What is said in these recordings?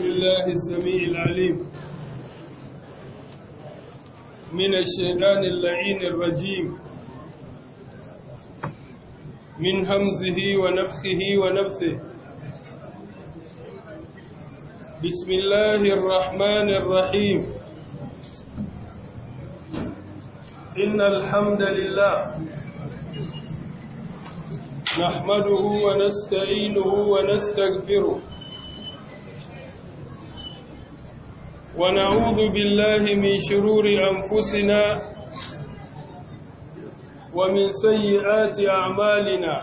بالله السميع العليم من الشيطان اللعين الرجيم من همزه ونفخه ونفثه بسم الله الرحمن الرحيم إن الحمد لله نحمده ونستعينه ونستغفره ونعوذ بالله من شرور أنفسنا ومن سيئات أعمالنا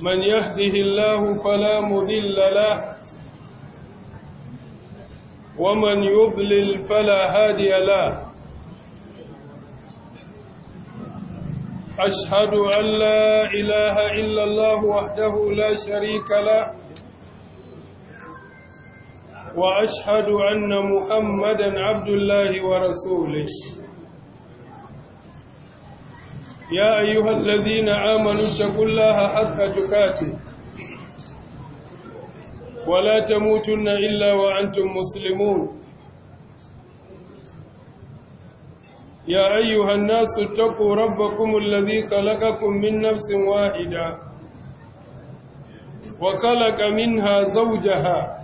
من يهده الله فلا مذل له ومن يضلل فلا هادي له أشهد أن لا إله إلا الله وحده لا شريك له وأشهد أن محمدا عبد الله ورسوله يا أيها الذين آمنوا اتقوا الله حق تكاته ولا تموتن إلا وأنتم مسلمون يا أيها الناس اتقوا ربكم الذي خلقكم من نفس واحدة وخلق منها زوجها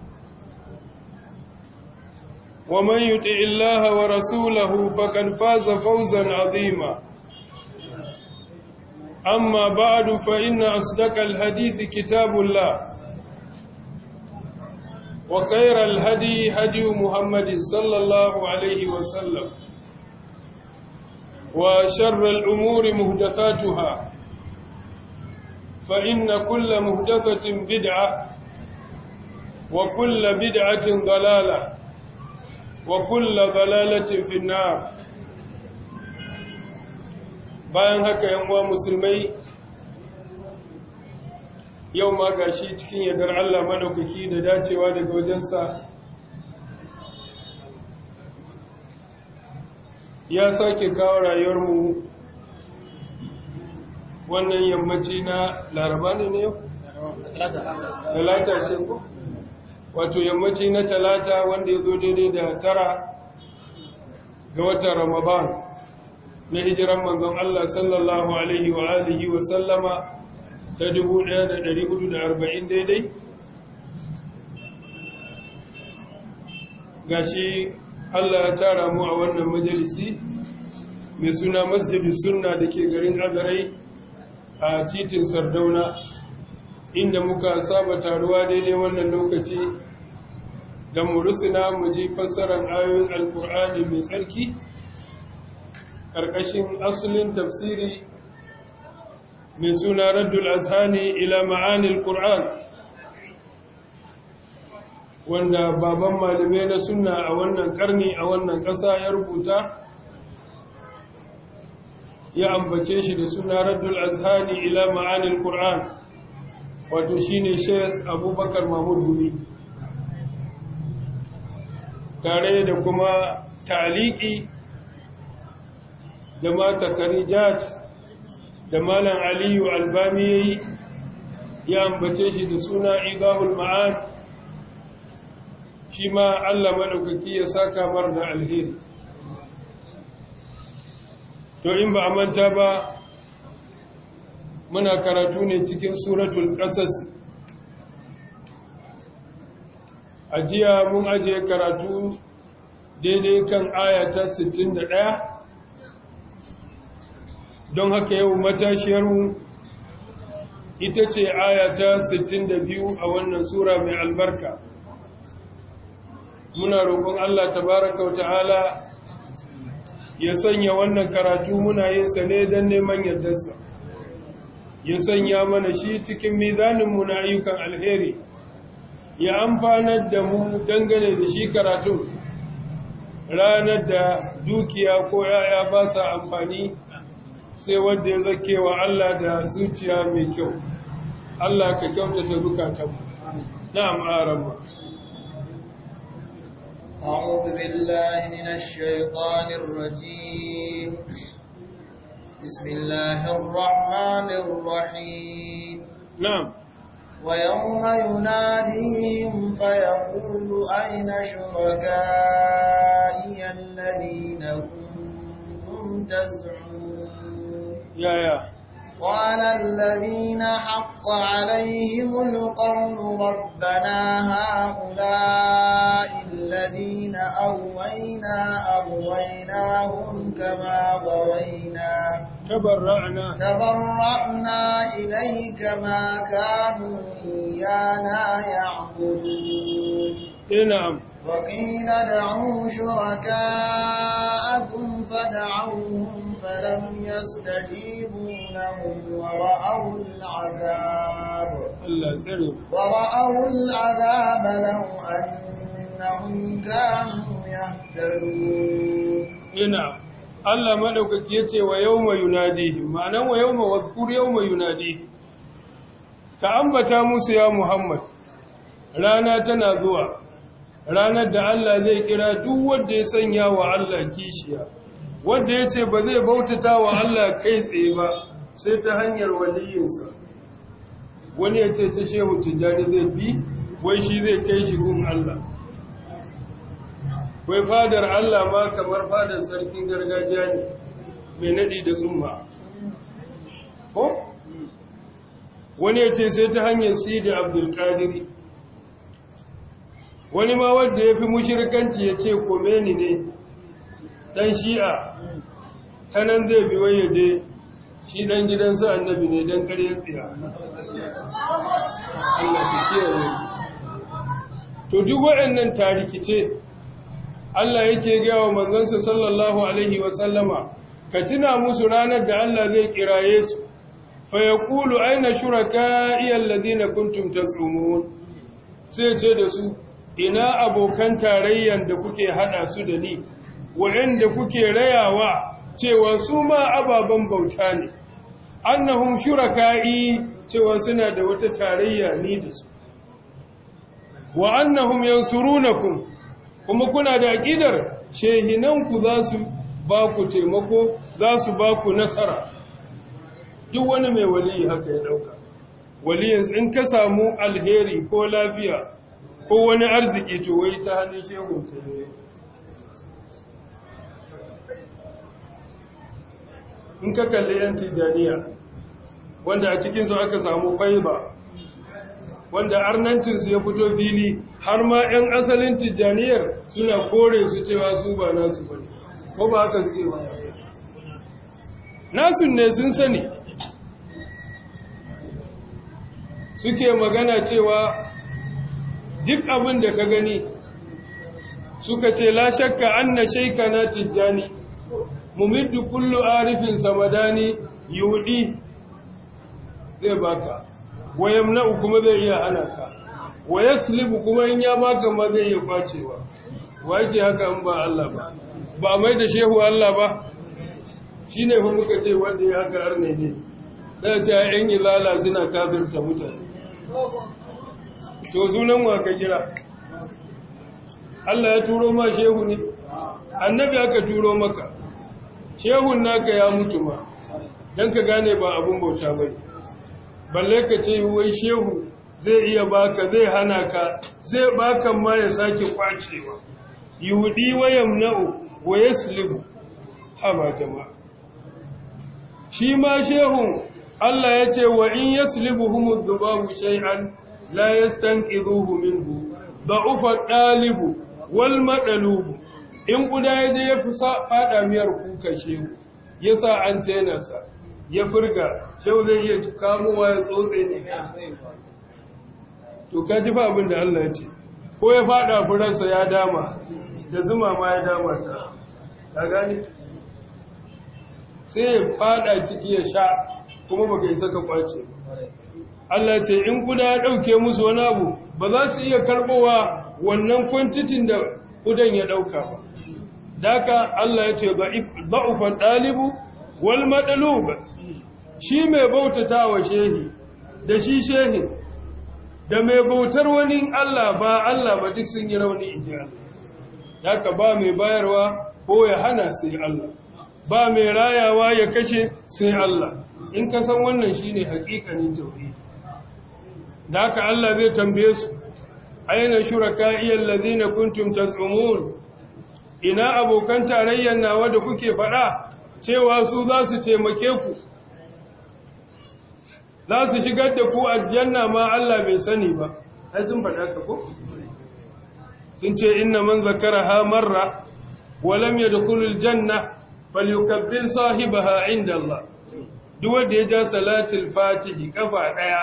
ومن يطع الله ورسوله فقد فاز فوزا عظيما أما بعد فإن أصدق الحديث كتاب الله وخير الهدي هدي محمد صلى الله عليه وسلم وشر الأمور مهدثاتها فإن كل مهدثة بدعة وكل بدعة ضلالة وكل ضلالة في النار bayan haka yan uwa musulmai yau ma gashi cikin yadar Allah madaukaki da dacewa daga wajensa ya sake kawo rayuwarmu wannan yammaci na laraba ne ne yau? talata ce ko? wato yammaci na talata wanda ya zo daidai da tara ga watan ramadan na hijiran manzon Allah sallallahu alaihi wa alihi wa sallama ta 1440 daidai Ga shi Allah ya tara mu a wannan majalisi mai suna masjidin sunna da ke garin agarai a titin sardauna inda muka saba taruwa daidai wannan lokaci da mu rusuna mu ji fassarar ayoyin alkur'ani mai tsarki ƙarƙashin asalin tafsiri mai suna raddul azhani ila ma'anil ƙur'an, wanda baban malamai na suna a wannan ƙarni a wannan ƙasa ya rubuta ya ambace shi da suna raddul azhani ila ma'anil ƙur'an. wato shine Sheikh Abubakar Mahmud Gumi tare da kuma taliki da mata Karijat da Malam Aliyu albami ya ambace shi da suna Igahul Ma'ad shi ma Allah maɗaukaki ya saka mar da alheri to in ba a manta ba muna karatu ne cikin suratul ƙasas a jiya mun ajiye karatu daidai kan ayata 61 don haka yau matashiyar mu ita ce ayata 62 a wannan sura mai albarka muna roƙon Allah tabaraka wa ta'ala ya sanya wannan karatu muna yin sa ne don neman yardarsa ya sanya mana shi cikin mizaninmu na ayyukan alheri ya amfanar da mu dangane da shi karatu ranar da dukiya ko yaya ba sa amfani sai wanda ya zake wa Allah da zuciya mai kyau Allah ka kyautata na na'am mu أعوذ بالله من الشيطان الرجيم بسم الله الرحمن الرحيم نعم ويوم يناديهم فيقول أين شركائي الذين كنتم تزعمون يا يا وعلى الذين حق عليهم القول ربنا هؤلاء الذين أوينا أغويناهم كما غوينا تبرعنا تبرعنا إليك ما كانوا إيانا يعبدون نعم وقيل دعوا شركاءكم فدعوهم فلم يستجيبوا لهم ورأوا العذاب ورأوا العذاب لو أنهم كانوا يهتدون Allah maɗaukaki ya ce wa yau mai yunadihim ma'anan wa yau mawadkur yau mai yunadihim ka ambata musu ya Muhammad rana tana zuwa ranar da Allah zai kira duk wanda ya sanya wa Allah kishiya wanda ya ce ba zai bautata wa Allah kai tsaye ba sai ta hanyar waliyinsa wani ya ce ta shehu tijjani zai fi wai shi zai kai shi gun Allah wai fadar Allah ma kamar fadar sarkin gargajiya ne mai nadi da zumba. ko wani ya ce sai ta hanyar sidi abdulkadiri wani ma wanda ya fi mushirkanci ya ce kome ne ɗan shi'a ta nan zai bi wai ya je shi ɗan gidan su annabi ne kare ya tsira Allah ke kiyaye to duk waɗannan rikice Allah yake gaya wa manzansa sallallahu alaihi wa sallama ka tuna musu ranar da Allah zai kiraye su fa Kulu aina shuraka'i alladhina kuntum tasumun sai ce da su ina abokan tarayyan da kuke hada su da ni wa'anda kuke rayawa cewa su ma ababen bauta ne annahum shuraka'i cewa suna da wata tarayya ni da su wa annahum yansurunakum kuma kuna da aqidar shehinanku za su ba ku taimako zasu su ba ku nasara duk wani mai waliyi haka ya dauka waliyin in ka samu alheri ko lafiya ko wani arziki to wai ta hannun shehun ta ne in ka kalli yan tijaniya wanda a cikinsu aka samu faiba wanda arnancinsu ya fito fili har ma 'yan asalin tijjaniyar suna kore su cewa su ba nasu ba ko ba haka suke ba nasu ne sun sani suke magana cewa duk abin da ka gani suka ce la shakka an na shaika na tijjani mumiddu kullu arifin samadani yudi zai baka wa yamna'u kuma zai iya hana ka wa yaslibu kuma in ya baka ma zai iya kwacewa wa yake haka in ba Allah ba ba mai da shehu Allah ba shine fa muka ce wanda ya haka arne ne da ce ayan ilala suna kafirta mutane to sunan wa ka kira Allah ya turo ma shehu ne annabi aka turo maka shehun naka ya mutu ma don ka gane ba abin bauta ba balle ka ce wai shehu zai iya baka zai hana ka zai baka ma ya sake kwacewa yudi wa yamna'u wa yaslibu haba jama'a shi ma shehun Allah ya ce wa in ya yaslibuhum ad-dubabu shai'an la yastanqidhuhu minhu Da ufa ɗalibu, wal maɗalubu. in guda ya je ya fi fada miyar kuka shehu ya sa an tenasa ya furga shehu zai iya kamowa ya tsotse ne to ka ji fa abin da Allah ya ce ko ya fada furarsa ya dama da zuma ma ya dama ta ta gani sai ya fada ciki ya sha kuma baka isa ka kwace Allah ce in guda ya dauke musu wani abu ba za su iya karbowa wannan kwantitin da kudan ya ɗauka ba Daka Allah ya ce ba'ufan ɗalibu wal ba. shi mai bautata wa shehi da shi shehi da mai bautar wani Allah ba Allah ba duk sun yi rauni ijiya Daka ba mai bayarwa ko ya hana sai Allah ba mai rayawa ya kashe sai Allah in ka san wannan shine hakikanin tauhid Daka Allah zai tambaye su aina shuraka'i lazina kuntum tas'umun ina abokan tarayyar nawa da kuke faɗa cewa su za su taimake ku za su shigar da ku aljanna ma Allah bai sani ba ai sun fada ka ko sun ce inna man zakaraha marra wa lam yadkhul aljanna falyukabbir sahibaha inda Allah duk wanda ya ja salatul fatihi kafa daya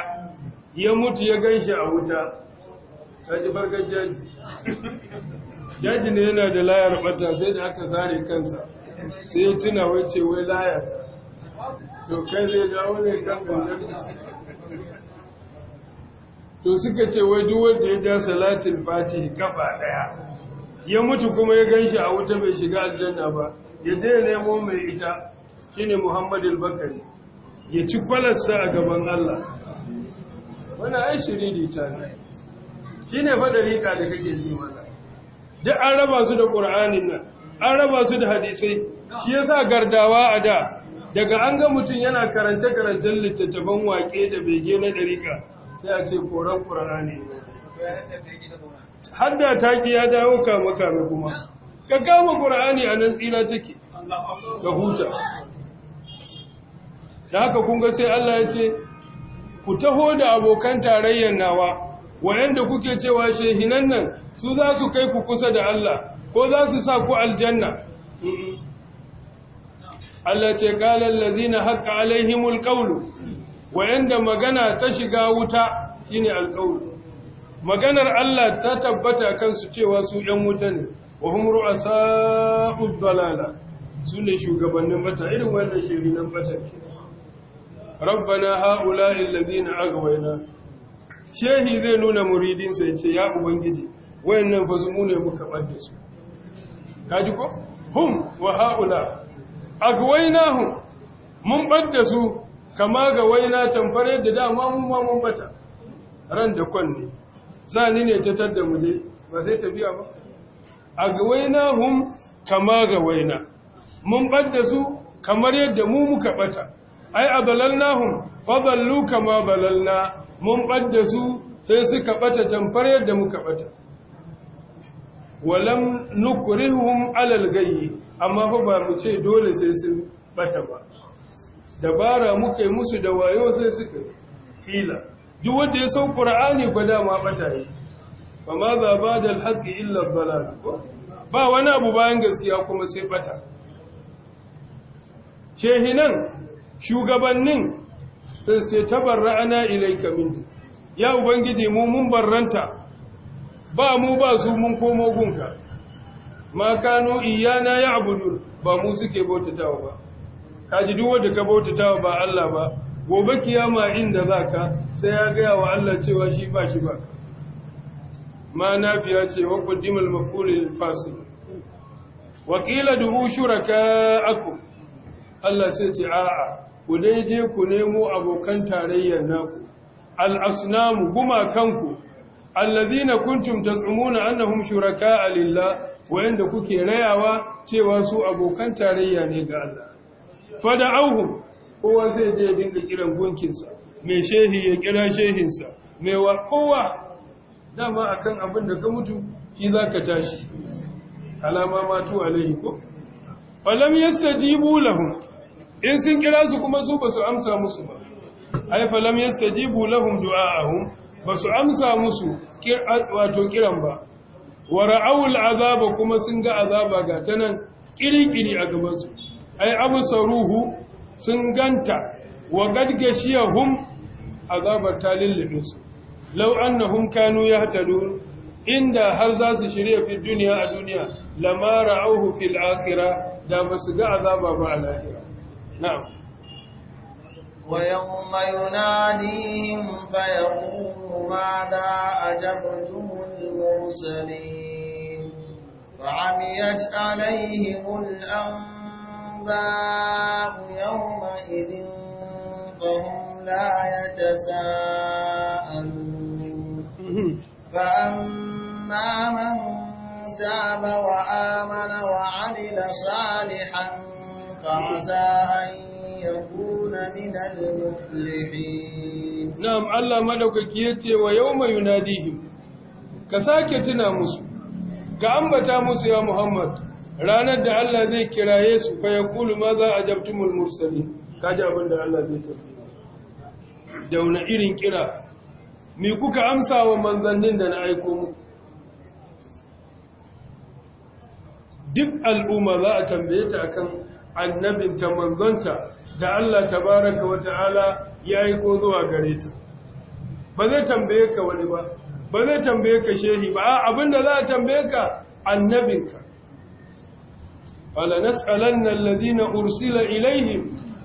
ya mutu ya ganshi a wuta kaji farkar jaji jaji ne yana da layar bata sai da aka zare kansa sai ya tuna wai ce wai layar ta to kai zai dawo ne kan gundar to suka ce wai duk wanda ya ja salatin fati kafa daya ya mutu kuma ya ganshi a wuta bai shiga aljanna ba ya je ya nemo mai ita shine muhammadul bakari ya ci kwalarsa a gaban allah wani ai shiri ne ta ne ne fa dariqa da kake ji wannan duk an raba su da ƙura'anin nan an raba su da hadisai shi sa gardawa a da daga an ga mutum yana karance karancen littattafan waƙe da bege na ɗarika. sai a ce koran ne. hadda taki ya dawo kama kame kuma ka kama ƙura'ani a nan tsira take ka huta da haka kun ga sai Allah ya ce ku taho da abokan tarayyar nawa wayanda kuke cewa shehinan nan su za su kai ku kusa da Allah ko za su sa ku aljanna Allah ce qalan ladina haqqa alaihimul qawlu wayanda magana ta shiga wuta shine alqawlu maganar Allah ta tabbata su cewa su ‘yan wuta ne, wa humru a sa'ud dalala su ne shugabannin bata irin wannan shiri bata ke. Rabbana ha'ula illazi na agawaina, shehi zai nuna muridinsa ya ce ya ubangiji wayannan fa su ne muka ɓarfe su kaji ko hum wa haula agwainahum mun ɓadda su kama ga waina tamfar yadda dama mun ma mun bata ran da kwanne zani ne ta tadda mu dai ba zai tafiya ba agwainahum kama ga waina mun ɓadda su kamar yadda mu muka ɓata ai a adallnahum fadallu kama balalna mun ɓadda su sai suka ɓata tamfar yadda muka ɓata. walam nukurihun alal gayyi amma fa ba mu ce dole sai sun ɓata ba dabara muka yi musu da wayo sai suka fila duk wanda ya sau qur'ani ko dama ɓata yi ba ma za da alhaƙi illa dhalal ba wani abu bayan gaskiya kuma sai bata shehinan shugabannin sai ta barra Ana ilaika min ya ubangiji mu mun barranta ba mu ba su mun komo gunka ma kanu iyana ya'budun ba mu suke bautatawa ba kaji duk wanda ka bautatawa ba Allah ba gobe kiyama inda zaka sai ya ga wa Allah cewa shi ba shi ba ma nafiya ce wa qaddimul maf'ul lil fasil wa qila du'u shuraka'akum Allah sai ce a'a ku daidai ku nemo abokan tarayyar naku al'asnamu gumakanku allazina kuntum annahun annahum shuraka'a lillah wa'anda kuke rayawa cewa su abokan tarayya ne ga Allah fada'uhum kowa sai je dinga kiran gunkinsa mai shehi ya kira shehinsa mai wa kowa dama akan abin da ka mutu shi zaka tashi alama matu alaihi ko falam yastajibu lahum in sun kira su kuma su ba su amsa musu ba ai lam yastajibu lahum du'aahum ba su amsa musu wato kiran ba wa ra'awul azaba kuma sun ga azaba ga tanan kirikiri a gaban su ai absaruhu sun ganta wa gadgashiyahum azabar ta lullube su law annahum kanu yahtadun inda har za su shirya fi duniya a duniya lamara auhu fil akhirah da ba su ga azaba ba a lahira نعم ويوم يناديهم فيقول ماذا أجبتم المرسلين فعميت عليهم الأنباء يومئذ فهم لا يتساءلون فأما من تاب وآمن وعمل صالحا فعسى أن يكون من المفلحين نعم الله ملك كيتي ويوم يناديهم كساكتنا مسو كأنبتا مسو يا محمد ranar da Allah zai kiraye su fa ya kulu ma za a jabtumul mursali Ka abin da Allah zai tafi da wani irin kira me kuka amsa wa manzannin da na aiko mu duk al'umma za a tambaye ta akan annabinta manzonta da Allah tabaraka wa ta'ala ya yi zuwa gare ta ba zai tambaye ka wani ba ba zai tambaye ka shehi ba da za a tambaye ka annabinka wala nas'alanna alladhina ursila ilaihim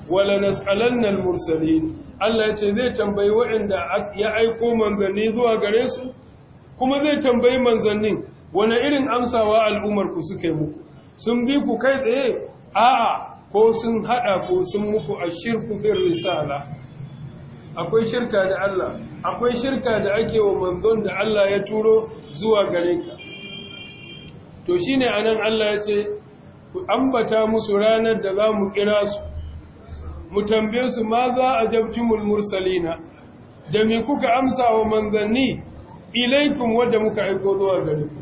wala nas'alanna al-mursalin Allah ya ce zai tambayi waɗanda ya aiko manzanni zuwa gare su kuma zai tambayi manzannin wane irin amsawa al'ummar ku suka yi muku sun bi ku kai tsaye a'a ko sun hada ko sun muku a shirku fil risala akwai shirka da Allah akwai shirka da ake wa manzon da Allah ya turo zuwa gare ka to shine anan Allah ya ce ku ambata musu ranar da za mu kira su mu tambaye su ma za a jabtumul mursalina da me kuka amsa wa manzanni ilaikum wadda muka aiko zuwa gare ku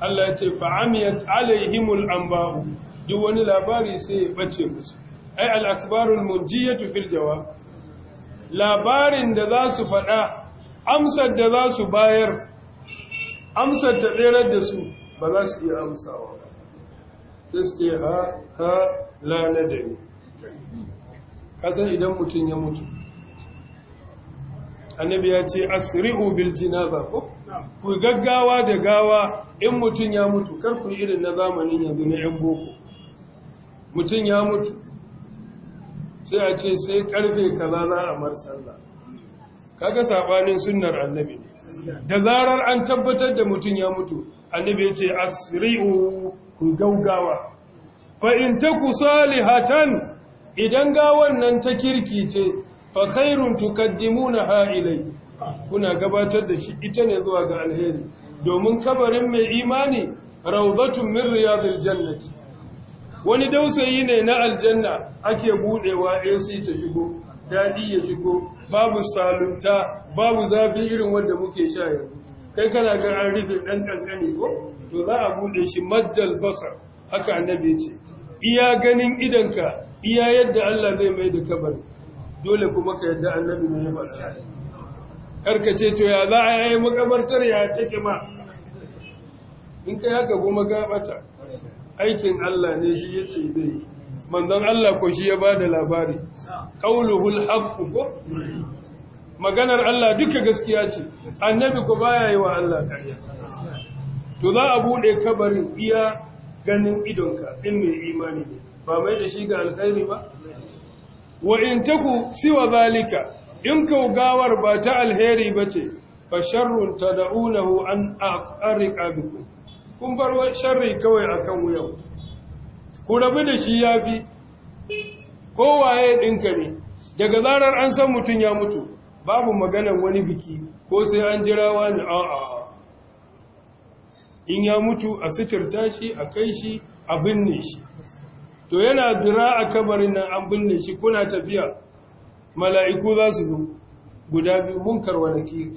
Allah ya ce amiyat alaihimul anba'u duk wani labari sai ya bace musu ai al-akhbarul munjiyatu fil jawab labarin da za su faɗa amsar da za su bayar amsar ta tserar da su ba za su iya amsawa sai su ce ha ha la nadari kasan idan mutum ya mutu annabi ya ce asri'u bil jinaza ko ku gaggawa da gawa in mutum ya mutu kar ku irin na zamanin yanzu na yan boko mutum ya mutu sai a ce sai karfe kaza za a mar kaga sabanin sunnar annabi da zarar an tabbatar da mutum ya mutu annabi ya ce asri'u ku gaugawa fa in taku idan gawan nan ta kirki ce fa khairun tukaddimunaha ha'ilai. kuna gabatar da shi ita ne zuwa ga alheri domin kabarin mai imani rawdatun min riyadil jannati wani dausayi ne na aljanna ake budewa AC ta shigo dadi ya shigo babu salunta babu zafi irin wanda muke sha yanzu kai kana ga an rufe dan kankane ko to za a bude shi maddal basar haka annabi ce iya ganin idanka iya yadda Allah zai mai da kabari dole kuma ka yadda annabi ne ya faɗa ka ce to ya za a yi makabartar ya take ma in kai haka kuma gabata aikin Allah ne shi ya ce zai yi Allah ko shi ya ba da labari ƙauluhul haƙƙu ko maganar Allah duka gaskiya ce annabi ko baya yi wa Allah ƙarya to za a buɗe kabarin iya ganin idonka in mai imani ne ba mai da shi ga alƙairi ba wa in taku siwa zalika in gawar ba ta alheri ba ce fa sharrun tad'unahu an aqriqa bikum kun bar sharri kawai akan wuyan ku rabu da shi yafi kowaye ɗinka ne daga zarar an san mutum ya mutu babu maganar wani biki ko sai an jira wani a'a in ya mutu a suturta shi a kai shi a binne shi to yana dira a kabarin nan an binne shi kuna tafiya mala'iku za su zo guda biyu munkar wa nakir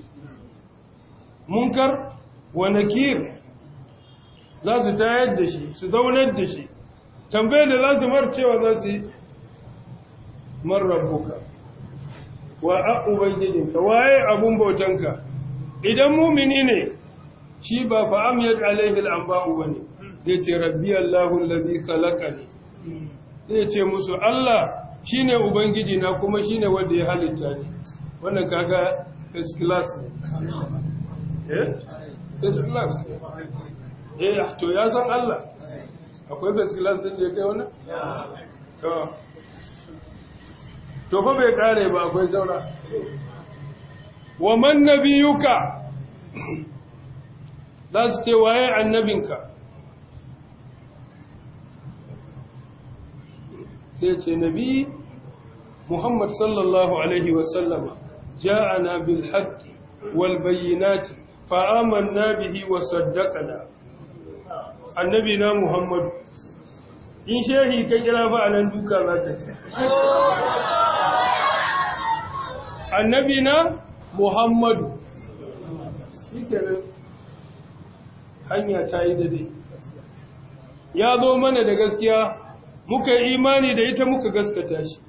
munkar wa nakir za su tayar da shi su zaunar da shi tambayar da za su marcewa za su yi buka wa a ubangijinka waye abun bautanka idan mumini ne shi ba fa'am ya ƙalaihil an ba'u ne zai ce rabbi allahun salaka ne. zai ce musu allah shi ne ubangijina kuma shi ne wanda ya halitta ne wannan kaga first class ne eh? first class ne eh to ya san Allah akwai first class din da ya kai wannan to to fa bai kare ba akwai saura wa man nabiyuka za su ce waye annabinka sai ce nabi muhammad sallallahu alaihi wasallama ja'ana bil haqqi wal bayyinati fa amanna bihi wa saddaqana annabi na muhammadu in shehi ka kira ba a nan duka za ta ce annabi na muhammadu shi kenan hanya ta yi dade ya zo mana da gaskiya muka yi imani da ita muka gaskata shi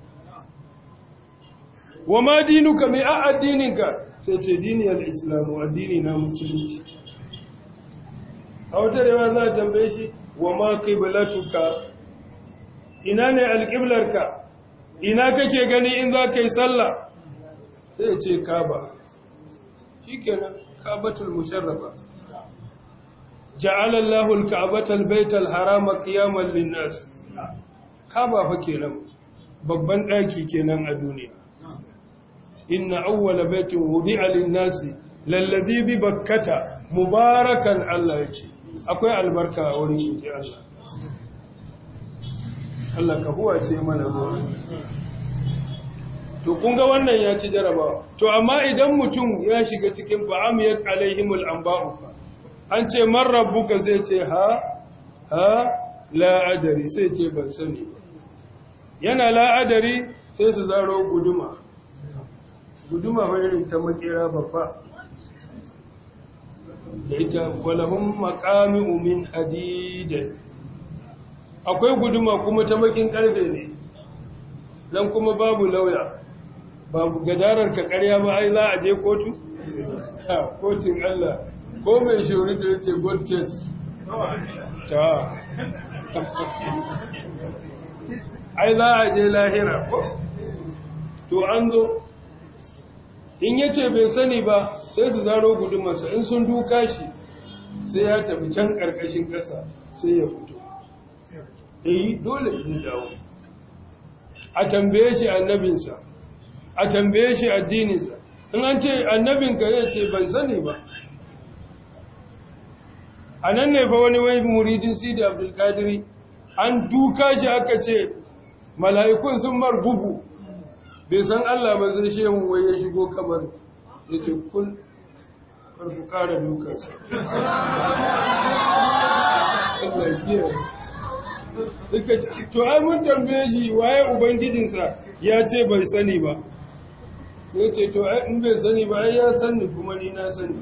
wa ma dinuka mai a addininka sai ce diniyar islamu addini na musulunci a wata rewa za a tambaye shi wa ma qiblatuka ina ne alqiblarka ina kake gani in za ka yi sallah sai ya ce kaba shikenan kabatul musharrafa ja'ala Allahu al-ka'bata al-bayta al-harama qiyaman lin-nas kaba fa kenan babban daki kenan a duniya inna awwala baitin wudi'a lin-nas lalladhi bi bakkata mubarakan Allah ce. akwai albarka a wurin shi Allah Allah ka huwa ce mana ba to kun ga wannan ya ci jaraba to amma idan mutum ya shiga cikin ya alaihimul anba'u an ce man rabbuka zai ce ha ha adari sai ce ban sani ba yana adari sai su zaro guduma guduma wani ta makera babba da ita walahum maqami'u min hadid akwai guduma kuma ta makin karfe ne dan kuma babu lauya babu gadarar ka ƙarya ba ai la aje kotu ta kotun Allah ko mai shuri da yace god case ta ai la aje lahira ko to an zo in ya ce bai sani ba sai su zaro gudumarsa in sun duka shi sai ya tafi can ƙarƙashin ƙasa sai ya fito yi eh, dole in dawo a tambaye shi annabinsa a tambaye shi addininsa in an ce annabinka ya ce ban sani ba a nan ne fa wani wani muridin sidi abdulkadiri an duka shi aka ce mala'ikun sun mar bugu bai san Allah ba sai shehun wai ya shigo kamar ya ce kun karfi kara dukansa suka to ai mun tambaye shi waye ubangijinsa ya ce bai sani ba sai ce to ai in bai sani ba ai ya sani kuma ni na sani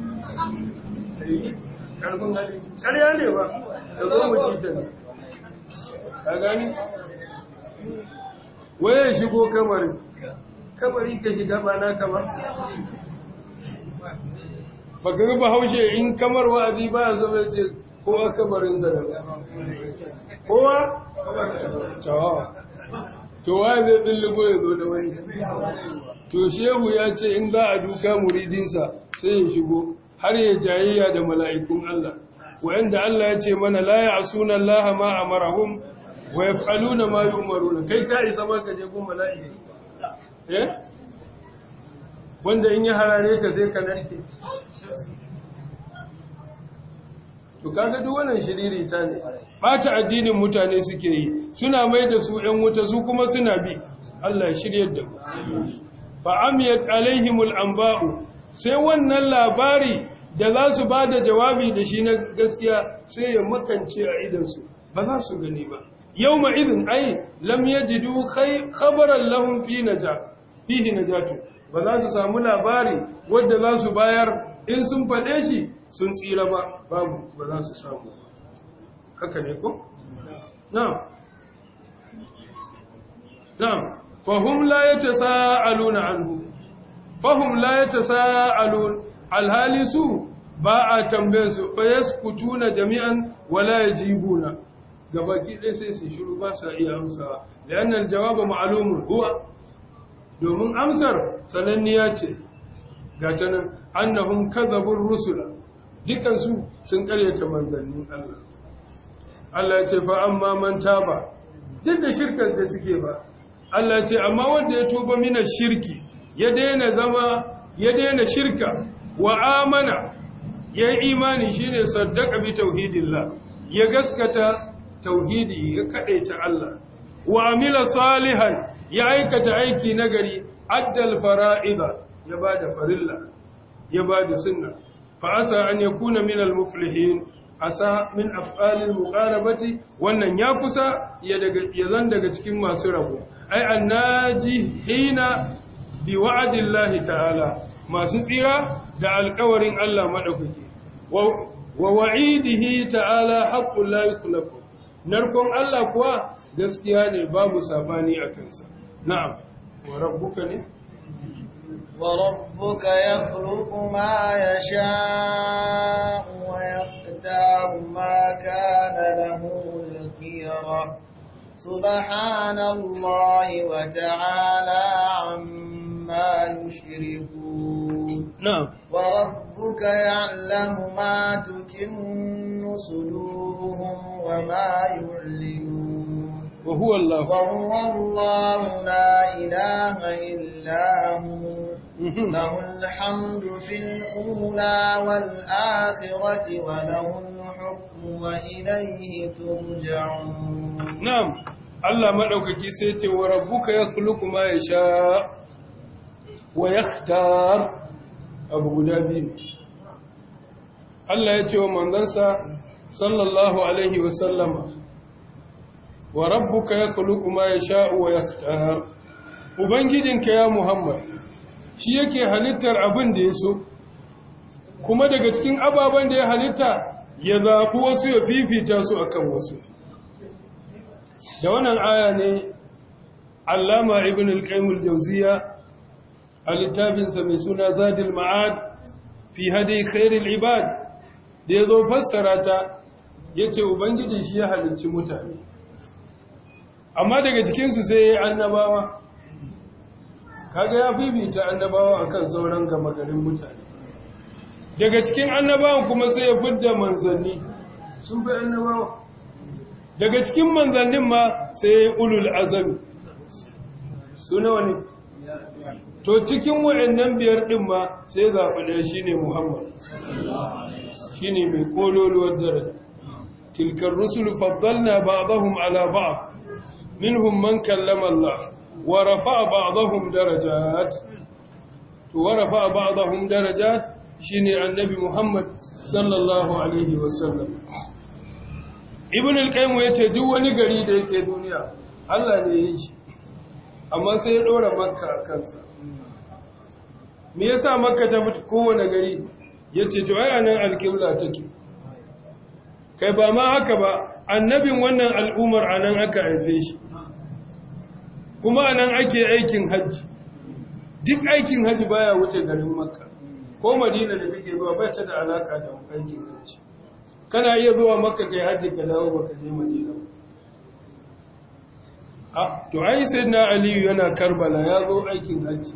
karfin hali karya ne ba da goma titan ka gani waye shigo kamarin kamari ka shiga ba kamar? ba bahaushe in kamar wa'azi ba ya zama ce kowa kamarin zara da kowa cewa to waye zai dilligo ya zo da wani to shehu ya ce in za a duka muridinsa sai ya shigo har ya jayayya da mala'ikun Allah wa'anda Allah ya ce mana la ya asuna Allah ma amarahum wa yaf'aluna ma yu'maruna kai ta isa ma ka je gun mala'ikun Eh? wanda in yi harare ka sai ka narke to kaga duk wannan shiriri ta ne bata addinin mutane suke yi suna mai da su ɗan wuta su kuma suna bi Allah ya shiryar da mu fa alaihimul anba'u sai wannan labari da za su ba da jawabi da shi na gaskiya sai ya makance a idansu ba za su gani ba yau ma'izin ai lam ya jidu khabaran lahun fi naja fihi najatu ba za su samu labari wadda za su bayar in sun faɗe shi sun tsira ba babu ba za su samu haka ne ko na'am na'am Fahim la yatasaaluna anhu fahim la yatasaalun alhali su ba a tambayar su kutu na jami'an wala ya yajibuna gabaki ɗaya sai su shiru ba sa iya amsawa da yanar jawaba ma'alumin huwa domin amsar sananniya ce ga nan annahum kazabin rusula dukansu sun karyata manzannin Allah Allah ya ce fa amma man ba duk da shirkan da suke ba Allah ya ce amma wanda ya tuba mina shirki ya daina zama ya daina shirka wa amana ya imani shine saddaka bi tauhidillah ya gaskata tauhidi ya kadaita Allah wa amila salihan ya aikata aiki na gari, addal fara'ida ya ba da farilla ya ba da sunna fa asa an yakuna min al muflihin asa min al muqarabati wannan ya kusa ya daga ya zan daga cikin masu rabo ai annaji hina bi wa'dillahi ta'ala masu tsira da alƙawarin Allah madaukaki wa wa'idihi ta'ala haqqul la yukhlafu narkon Allah kuwa gaskiya ne babu sabani a kansa نعم وربك ليه نعم. وربك يخلق ما يشاء ويختار ما كان له الخيرة سبحان الله وتعالى عما يشركون نعم وربك يعلم ما تكن صدورهم وما يعلنون وهو الله وهو الله لا إله إلا هو له الحمد في الأولى والآخرة وله الحكم وإليه ترجعون نعم الله ملوكك سيتي وربك يخلق ما يشاء ويختار أبو قدابين الله يتي ومن ننسى صلى الله عليه وسلم wa rabbuka yakhluqu ma yasha'u wa yaqtar ubangijinka ya muhammad shi yake halittar abin da ya so kuma daga cikin ababan da ya halitta ya zafi wasu ya fifita su akan wasu da wannan aya ne allama ibn al-qayyim al-jawziya a littafinsa mai suna zadil ma'ad fi hadi al ibad da yazo zo fassara ta yace ubangijin shi ya halicci mutane amma daga cikinsu sai ya yi annabawa kaga ya bibita annabawa akan sauran gama garin mutane daga cikin annabawan kuma sai ya fidda manzanni sun fi annabawa daga cikin manzannin ma sai ya ulul azami su nawa ne to cikin wa'annan biyar din ma sai zaɓi ɗaya shi ne muhammad shi ne mai ƙololuwar dare tilkar rusul faddalna ba'dahum ala ba'd minhum man kallama Allah wa rafa'a ba'dahum darajat to wa rafa'a ba'dahum shine annabi Muhammad sallallahu alaihi wasallam yace duk wani gari da yake duniya Allah ne ya yi shi amma sai ya dora Makka a kansa me yasa Makka ta fita kowane gari yace to ai anan al take kai ba ma haka ba annabin wannan al'umar a nan aka haife shi kuma a nan ake aikin hajji duk aikin hajji baya wuce garin makka ko madina da take zuwa ba ta da alaka da aikin hajji kana iya zuwa makka kai hajji ka dawo ba ka je madina ba ah, to ai sayyidina aliyu yana karbala ya zo aikin hajji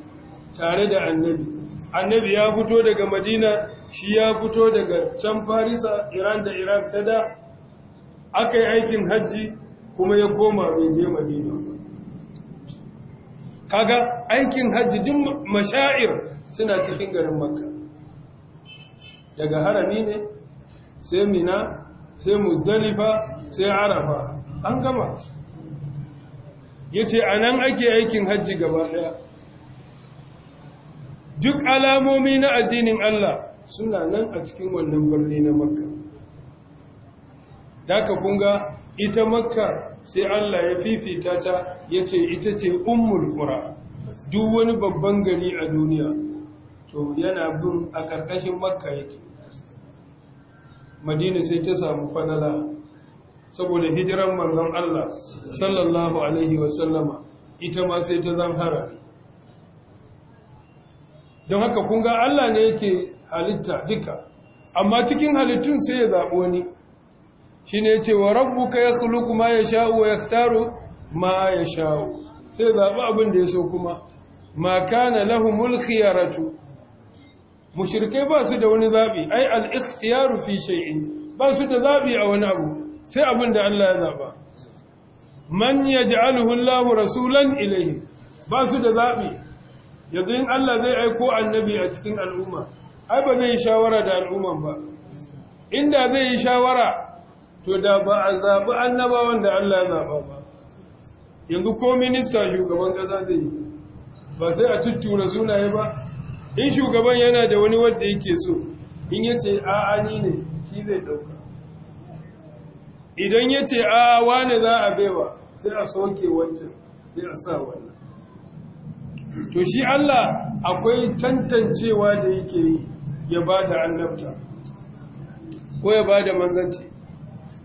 tare da annabi annabi ya fito daga madina shi ya fito daga can farisa iran da iran ta da aka yi aikin hajji kuma ya koma mai je madina kaga aikin hajji duk mashair suna cikin garin makka daga harami ne sai mina sai musdalifa sai arafa an gama ya ce a nan ake aikin hajji gaba daya duk alamomi na addinin Allah suna nan a cikin wannan birni na makka daga kunga ita makka sai Allah ya fifita ta ya ce ita ce ummul qura duk wani babban gari a duniya to yana bin a ƙarƙashin makka yake madina sai ta samu fanala saboda hijiran manzon Allah sallallahu alaihi wasallama ita ma sai ta zan don haka kun Allah ne yake halitta duka amma cikin halittun sai ya zaɓo ni. shi ne ce wa rabbuka ya khuluku ma ya sha'u wa ya taru ma ya sha'u sai zaɓi abin da ya so kuma ma kana lahu ratu. mushrikai ba su da wani zaɓi ai al-ikhtiyaru fi shay'in ba su da zaɓi a wani abu sai abin da Allah ya zaɓa man ya yaj'aluhu Allahu rasulan ilayhi ba su da zaɓi yanzu in Allah zai aiko annabi a cikin al'umma ai ba zai yi shawara da al'umman ba inda zai yi shawara to da ba a zaɓi annaba wanda Allah ya zaɓa ba yanzu ko minista shugaban ƙasa zai yi ba sai a tuttura sunaye ba in shugaban yana da wani wanda yake so in ya ce a'a ni ne shi zai ɗauka idan ya ce a'a wane za a baiwa sai a soke wancan sai a sa wani to shi Allah akwai tantancewa da yake yi ya ba da annabta ko ya ba da manzanci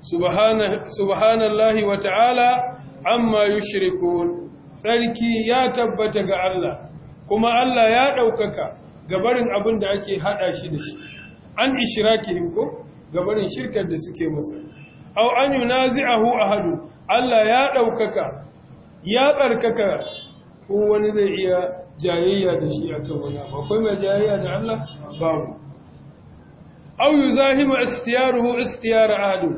subhanallahi wa ta'ala amma yushrikun sarki ya tabbata ga Allah kuma Allah ya ɗaukaka gabarin abin da ake haɗa shi da shi an ishrakihim ko gabarin shirkar da suke masa au an yunazi'ahu hadu. Allah ya ɗaukaka ya tsarkaka ko wani zai iya jayayya da shi kan wani abu akwai mai jayayya da Allah babu aw yuzahimu istiyaruhu istiyar adu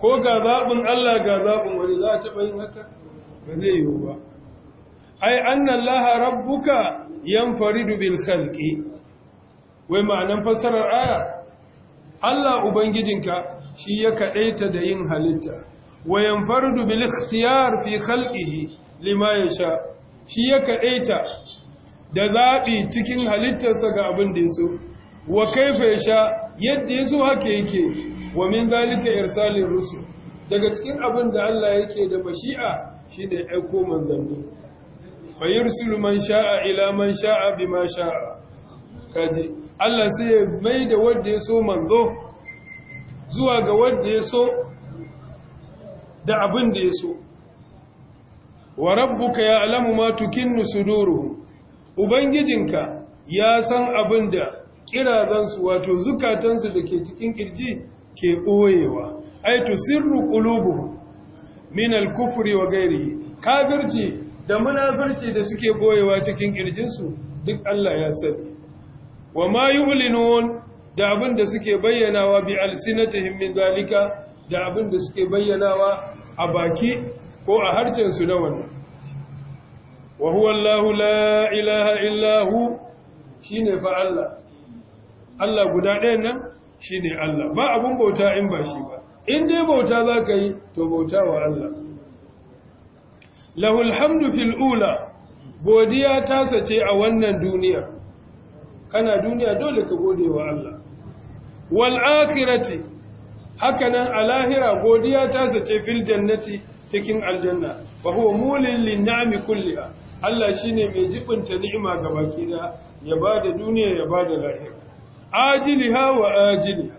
ko ga zabin Allah ga zabin wani za ta bayin haka ba zai yiwu ba ai anna Allah rabbuka yanfaridu bil khalqi wai ma'anan fassarar aya Allah ubangijinka shi ya kadaita da yin halitta wa yanfaridu bil ikhtiyar fi khalqihi lima yasha shi ya kaɗaita da zaɓi cikin halittarsa ga abin da ya so wa kaifa ya sha yadda ya so haka yake wa min zalika irsalin rusul daga cikin abin da Allah yake da mashi'a shine aiko manzanni fa yursilu man sha'a ila man sha'a bima sha'a kaji Allah sai ya mai da wanda ya so manzo zuwa ga wanda ya so da abin da ya so wa rabbuka ya'lamu ma tukinnu suduruhum ubangijinka ya san abinda da kirazansu wato zukatansu da ke cikin kirji ke ɓoyewa ai tusirru qulubuhum min al-kufri wa ghairihi kafirci da munafirci da suke ɓoyewa cikin kirjinsu duk Allah ya sani wa ma yu'linun da abinda da suke bayyanawa bi al-sinatihim min zalika da abinda da suke bayyanawa a baki ko a harshen su na wannan wa huwa la ilaha illa hu shine fa Allah Allah guda ɗayan nan shine Allah ba abun bauta in ba shi ba in dai bauta zaka yi to bauta wa Allah lahul hamdu fil ula godiya ta sace a wannan duniya kana duniya dole ka gode wa Allah wal akhirati hakanan a lahira godiya ta sace fil jannati cikin aljanna fa huwa mulin lin ni'ami kulliha Allah shine mai jibinta ni'ima ga baki da ya bada duniya ya bada lahira ajiliha wa ajiliha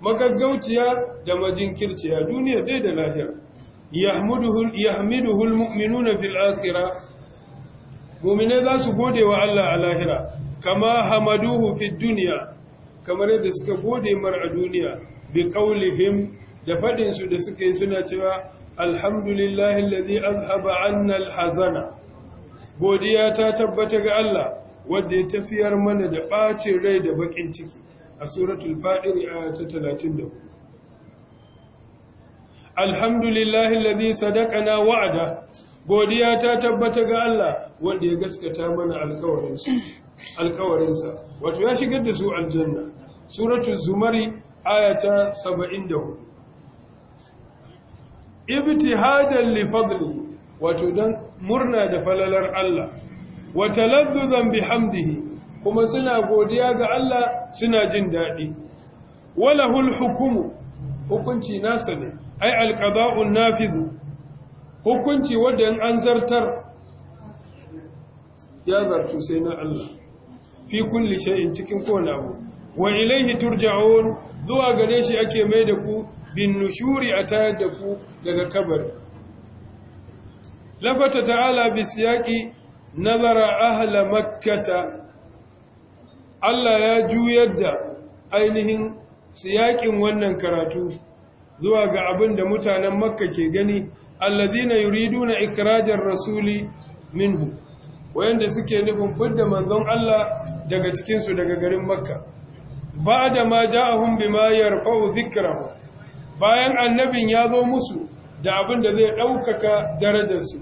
magaggauciya da majinkirciya duniya dai da lahira yahmuduhu yahmiduhu almu'minuna fil akhirah mu'mine za su gode wa Allah a lahira kama hamaduhu fid dunya kamar yadda suka gode mar a duniya bi qaulihim da fadin su da suka yi suna cewa الحمد لله الذي أذهب عنا الحزن godiya ta tabbata ga Allah wanda ya tafiyar mana da ɓacin rai da bakin ciki a suratul fa'ir aya ta 34 alhamdulillahi alladhi sadaqana wa'ada godiya ta tabbata ga Allah wanda ya gaskata mana alkawarinsa wato ya shigar da su aljanna suratul zumari aya ta 74 ibtihajan li fadli wato don murna da falalar Allah wa bi hamdihi kuma suna godiya ga Allah suna jin daɗi Wala hukumu hukunci nasa ne ai alqada'un nafidu hukunci wanda yin an zartar ya zartu sai na Allah fi kulli shay'in cikin kowane abu wa ilaihi turja'un zuwa gare shi ake mai da ku bin nushuri a tayar da ku daga kabari lafata ta'ala bi siyaqi nazara ahla makkata Allah ya juyar da ainihin siyaƙin wannan karatu zuwa ga abin da mutanen makka ke gani alladhina yuriduna ikrajar rasuli minhu wayanda suke nufin fidda manzon Allah daga cikinsu daga garin makka Ba ba'da ma ja'ahum bima yarfa'u dhikrahum bayan annabin ya zo musu da abin da zai ɗaukaka darajarsu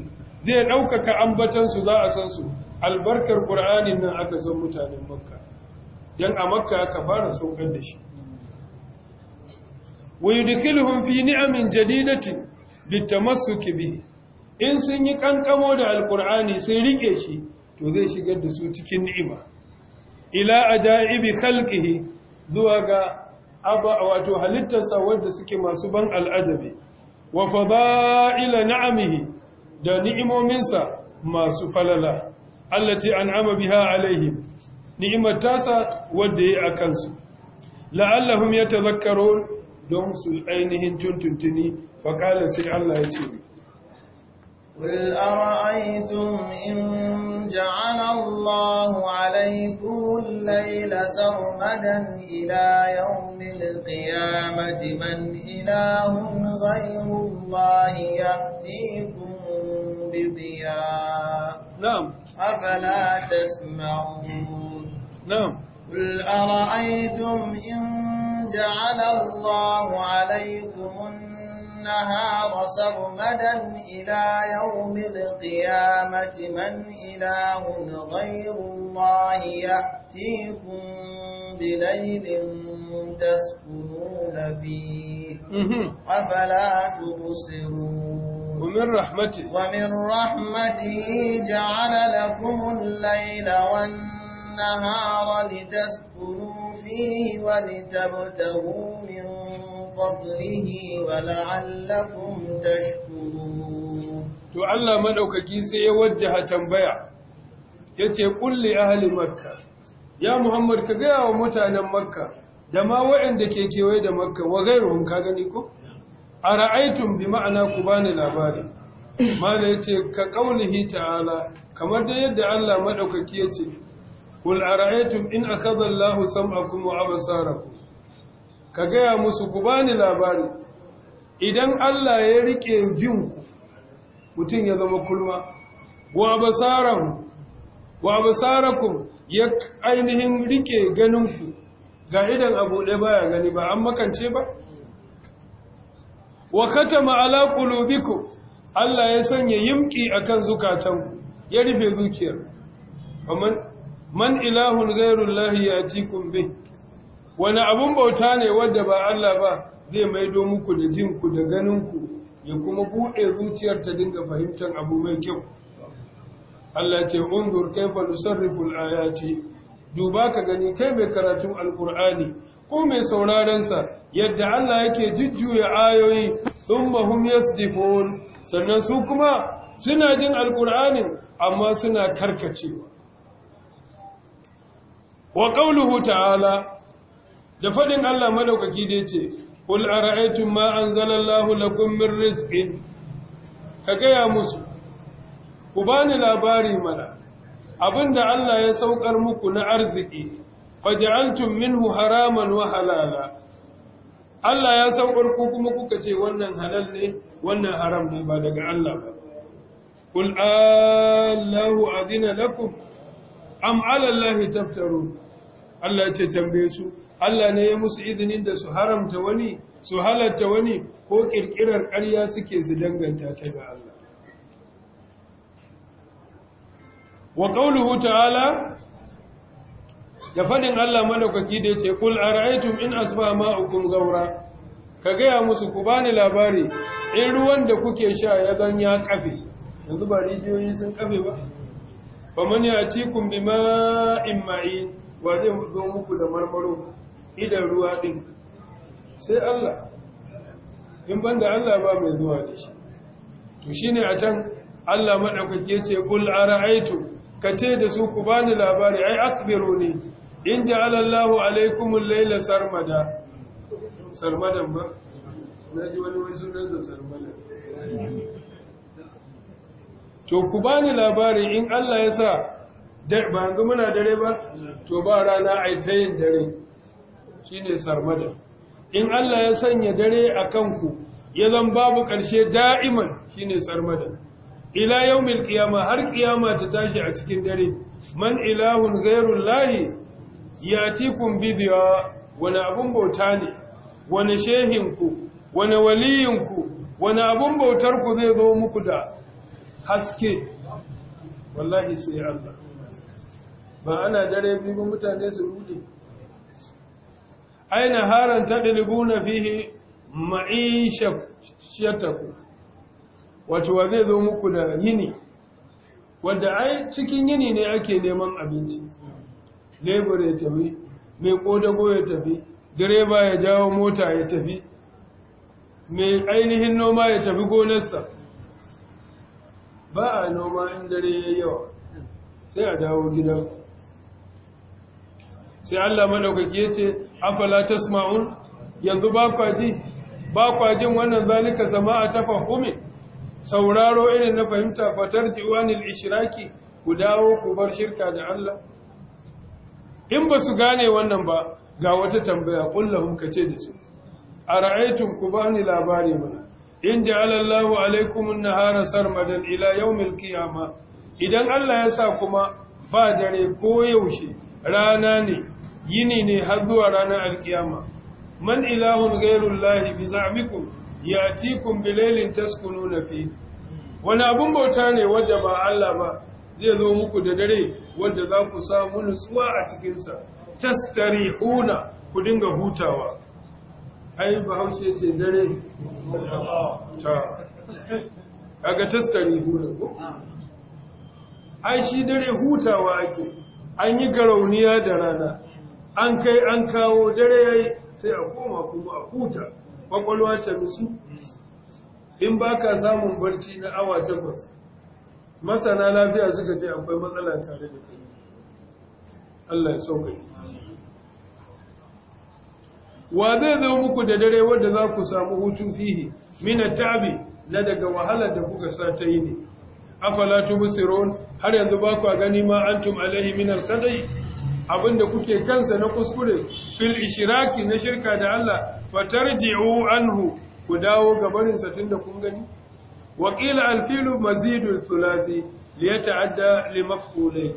zai ɗaukaka ambatansu za a san su albarkar ƙur'anin nan aka san mutanen makka don a makka aka fara saukar da shi wa yudkhiluhum fi ni'amin jadidatin masu bihi in sun yi ƙanƙamo da alqur'ani sai rike shi to zai shigar da su cikin ni'ima ila ajaibi khalqihi zuwa ga aba wato halittarsa wadda suke masu ban al'ajabi wa fada'ila na'amihi da ni'imominsa masu falala allati an'ama biha alaihim ni'imattasa wanda ya yi a kansu la'allahum yatadhakkarun don su ainihin tuntuntuni faqala sai Allah ya ce قل أرأيتم إن جعل الله عليكم الليل سرمدا إلى يوم القيامة من إله غير الله يأتيكم بضياء نعم أفلا تسمعون نعم قل أرأيتم إن جعل الله عليكم النهار سرمدا إلى يوم القيامة من إله غير الله يأتيكم بليل تسكنون فيه أفلا تبصرون ومن رحمته ومن رحمته جعل لكم الليل والنهار لتسكنوا فيه ولتبتغوا من فضله ولعلكم تشكرون to Allah maɗaukaki sai ya wajjaha tambaya yace kulli ahli makka ya muhammad ka gaya wa mutanen makka da ma waɗanda ke kewaye da makka wa gairuhum ka gani ko a ra'aitun bi ma'ana ku bani labari mala yace ka qaulihi ta'ala kamar da yadda Allah madaukaki yace kul ara'aytum in akhadha Allahu sam'akum wa absarakum ka gaya musu ku bani labari idan Allah ya rike jinku mutum ya zama kulma wa basarahu wa basarakum ya ainihin rike ku? ga idan abu ɗaya baya gani ba an makance ba wa khatama ala qulubikum Allah ya sanya yimki akan zukatanku ya rufe zuciyar man ilahun ghairul lahi yatikum bih wani abun bauta ne wadda ba Allah ba zai maido muku da jinku da ganinku ya kuma buɗe zuciyar ta dinga fahimtar abu mai kyau Allah ce undur kaifa nusarrifu al-ayati duba ka gani kai mai karatun alqur'ani ko mai sauraron sa yadda Allah yake jujjuya ayoyi thumma hum yasdifun sannan su kuma suna jin alqur'anin amma suna karkacewa wa qawluhu ta'ala da faɗin Allah madaukaki da yace a ara'aytum ma anzalallahu lakum min rizqin ka gaya musu ku bani labari mana abinda Allah ya saukar muku na arziki faj'altum minhu haraman wa halala Allah ya saukar ku kuma kuka ce wannan halal ne wannan haram ne ba daga Allah ba Kul allahu adina lakum am ala allahi taftaru Allah ya ce tambaye su Allah ne ya musu izinin da su haramta wani su halatta wani ko ƙirƙirar ƙarya suke su danganta ta ga Allah wa qawluhu ta'ala da fadin Allah madaukaki da yace kul ara'aytum in asba ma'ukum gaura ka gaya musu ku bani labari in ruwan da kuke sha ya zan ya kafe yanzu ba rijiyoyi sun kafe ba faman ya'tikum bima'in ma'in wa zai zo muku da marmaro idan ruwa ɗin sai Allah in ban da Allah ba mai zuwa da shi to shi ne a can Allah maɗaukaki ya ce ƙul a ra'aitu ka ce da su ku bani labari ai asbiru ne in ji alallahu alaikumun laila sarmada sarmadan ba na ji wani wani sunan da sarmada to ku bani labari in Allah ya sa ba yanzu muna dare ba to ba rana aitayin ta yin dare Shi ne sarmada in Allah ya sanya dare a kanku ya zan babu ƙarshe da'iman Shi ne sarmada ila yau milkiyama har qiyama ta tashi a cikin dare man ilahun ghairul lahi tikun bibiyawa wani abun bauta ne wani shehinku wani waliyinku wani abun bautar ku zai zo muku da haske wallahi sai Allah ba ana dare biyu mutane su rudi ai naharan na fihi ma'ishatakum wato wa zai zo muku da yini wanda ai cikin yini ne ake neman abinci labor ya tafi mai kodago ya tafi direba ya jawo mota ya tafi mai ainihin noma ya tafi gonarsa ba a noma in dare ya yawa sai a dawo gida sai allah maɗaukaki ya ce afala tasma'un yanzu ba kwa ji ba kwa jin wannan zalika sama'a ta fahimi sauraro irin na fahimta fatar diwanil ishraki ku dawo ku bar shirka da Allah in ba su gane wannan ba ga wata tambaya kullahum kace da su a ara'aytum ku bani labari mana in ja'ala Allahu na harasar nahara sarmadan ila yawmil qiyamah idan Allah ya sa kuma ba dare ko yaushe rana ne yini ne har zuwa ranar alkiyama man ilahun gairullahi bi za'mikum yatikum bilailin na fi wani abun bauta ne wanda ba Allah ba zai zo muku da dare wadda za ku samu nutsuwa a cikinsa huna ku dinga hutawa ai bahaushe ce dare ga tastari huna ko ai shi dare hutawa ake an yi garauniya da rana an kai an kawo dare yayi sai a koma kuma a huta kwakwalwa ta nutsu in ba ka samun barci na awa takwas masana lafiya suka ce akwai matsala tare da kai Allah ya sauƙaƙi wa zai zo muku da dare wanda za ku samu hutu fihi mina tabi na daga wahalar da kuka sa ta yi ne afala tubsirun har yanzu ba ku gani ma antum alaihi min al-qadai abin da kuke kansa na kuskure fil ishiraki na shirka da Allah fatarji'u anhu ku dawo gabanin sa da kun gani wa qila alfilu mazidul thulathi li yata'adda li maf'ulayhi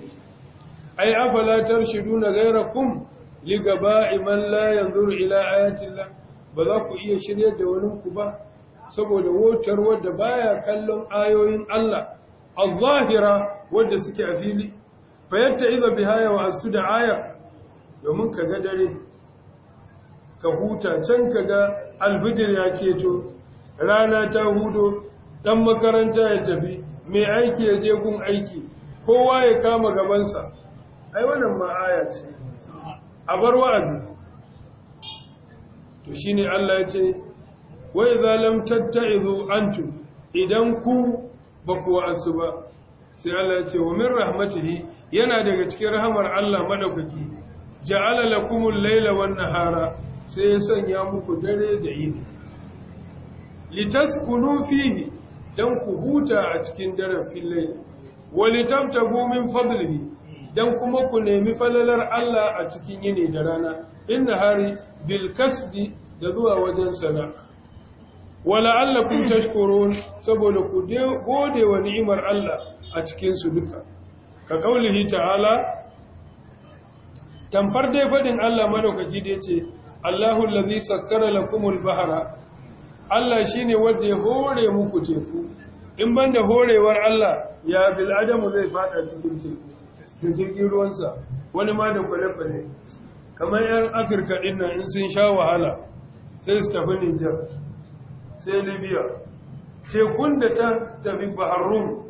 ay afala tarshiduna ghayrakum li gaba'i man la yanzuru ila ayati Allah ba za ku iya shiryar da wani ku ba saboda wotar wadda baya kallon ayoyin Allah al-zahira wanda suke a fili fayyanta iza bi haya wa da aya domin ka ga dare ka huta can ka ga albijir ya keto rana ta hudo ɗan makaranta ya tafi mai aiki ya je gun aiki kowa ya kama gabansa ai wannan ma aya ce a bar wa'azi to shine Allah ya ce wa idza lam tatta'izu antum idan ku ba ku wa'azu ba sai Allah ya ce wa min rahmatihi yana daga cikin rahamar Allah madaukaki ja'ala lakumul laila wan nahara sai ya sanya muku dare da yini litaskunu fihi dan ku huta a cikin daren fillai walitabtagu min fadlihi dan kuma ku nemi falalar Allah a cikin yini da rana in nahari bil kasbi da zuwa wajen sana'a wala'allakum tashkurun saboda ku gode wa ni'imar Allah a cikin su duka ka kaulihi ta'ala tamfar dai fadin Allah madaukaki da yace Allahu allazi sakkara lakumul bahra Allah shine wanda ya hore muku teku in banda horewar Allah ya bil adamu zai fada cikin teku da jirgin ruwansa wani ma da kwale-kwale kamar yan afirka dinnan in sun sha wahala sai su tafi nijar sai libya tekun da ta tafi rum.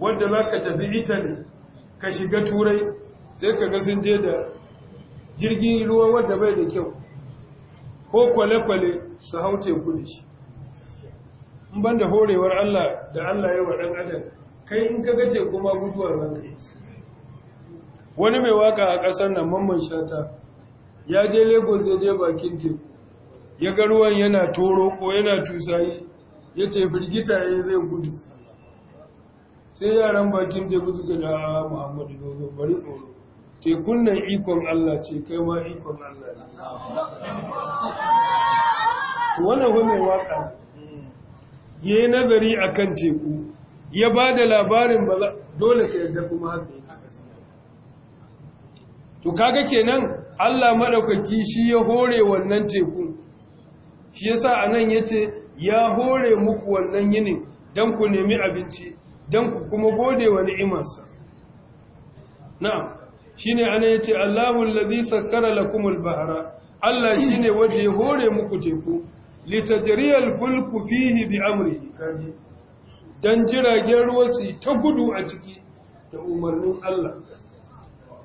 wanda za ka tafi italy ka shiga turai sai ka ga sun je da jirgin ruwa wanda bai da kyau ko kwale-kwale su hau teku da shi in ban da horewar allah da allah ya wa ɗan adam kai in ka ga kuma ma guduwa wani mai waka a ƙasar nan mamman shata ya je lagos ya je bakin teku ya ga ruwan yana toro ko yana tusayi ya ce firgita ya zai gudu sai yaran bakin teku suka a ah, muhammadu dogo bari tsoro tekun nan ikon Allah ce kai ma ikon Allah ne wannan wani waka ya yi nagari a kan teku ya ba da labarin ba dole ka yadda kuma haka to kaga kenan Allah maɗaukaki shi ya hore wannan tekun shi nan ya ce ya hore muku wannan yinin don ku nemi abinci don ku kuma gode wa ni'imarsa na'am shine ana yace Allahu allazi sakkara lakumul bahra Allah shine wanda ya hore muku teku litajriyal fulku fihi bi amrihi kaji dan jiragen ruwa su ta gudu a ciki da umarnin Allah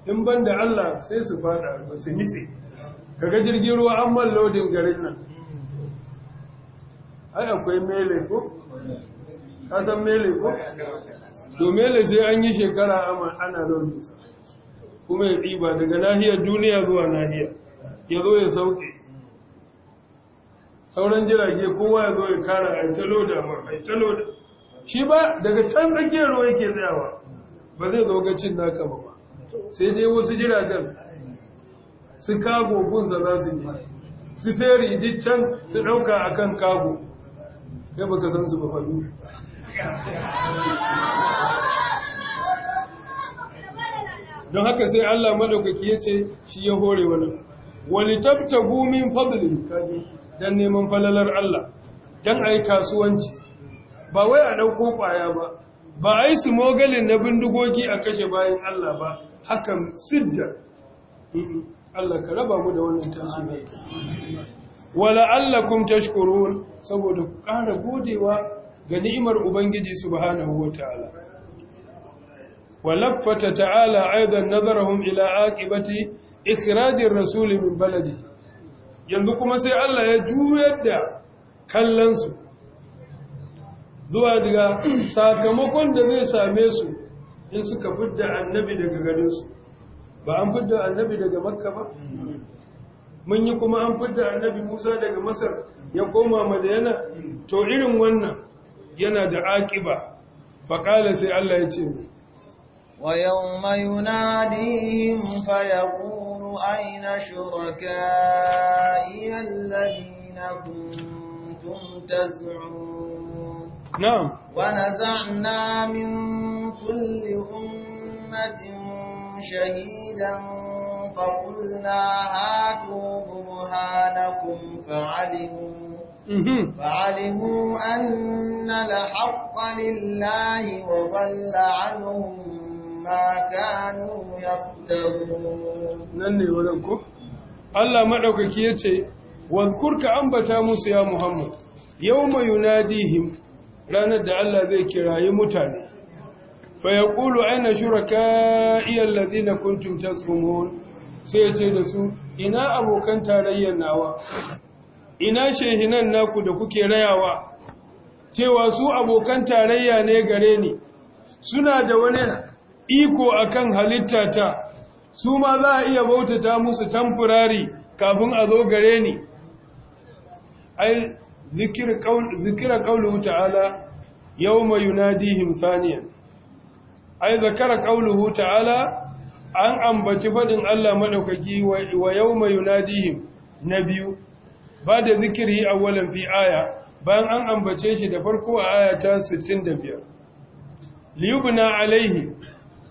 in banda Allah sai su fada ba su nitse kaga jirgin ruwa an man lodin garin nan ai akwai mele ko ka san mele ko to mele sai an yi shekara ana launinsa kuma ya ɗiba daga nahiyar duniya zuwa nahiyar ya zo ya sauke sauran jirage kowa ya zo ya kara a talo da ma a talo da shi ba daga can tsakiyar ruwa yake tsayawa ba zai zo ga cin naka ba sai dai wasu jiragen su kago gunsa za su yi su feri duk can su ɗauka kan kago kai baka san su ba faɗu don haka sai Allah madaukaki ya ce shi ya hore wani wani tabta gumin fadlin kaji don neman falalar Allah don a yi kasuwanci ba wai a ɗauko ƙwaya ba ba a yi su mogalin na bindigogi a kashe bayan Allah ba hakan sidda Allah ka raba mu da wannan tashi wala kun tashkurun saboda ku ƙara godewa ga ni'imar ubangiji subhanahu ta'ala walaffata ta'ala aidan nazarahum ila aƙibati ikirajin rasuli min baladi yanzu kuma sai Allah ya juyar da kallonsu, zuwa daga sakamakon da zai same su in suka fidda annabi daga garinsu ba an fidda annabi daga makka ba mun yi kuma an fidda annabi musa daga masar ya koma madayana to irin wannan yana da aƙiba faqala sai Allah ya ce wa yawma yunadihim fayaqulu ayna shuraka'i alladhina kuntum taz'un na'am wa naza'na min kulli ummatin shahidan فقلنا هاتوا برهانكم فعلموا فعلموا أن الحق لله وضل عنهم ما كانوا يفترون نني ولنكو الله معك كيتي واذكرك أنبتا موسى يا محمد يوم يناديهم ranar da Allah zai kirayi mutane Faya ya ƙulu aina shuraka ladina kuntum tasqumun sai ya ina abokan tarayyar nawa ina shehinan naku da kuke rayawa cewa su abokan tarayya ne gare ni suna da wani iko akan halittata su ma za a iya bautata musu tamfurari kafin a zo gare ni ai zikira kaulu ta'ala yau mai yunadihim saniyan ai zakara kaulu ta'ala an ambaci faɗin Allah maɗaukaki wa yau mai yunadihim na biyu ba da zikiri awwalan fi aya bayan an ambace shi da farko a aya ta 65 liyubna alaihi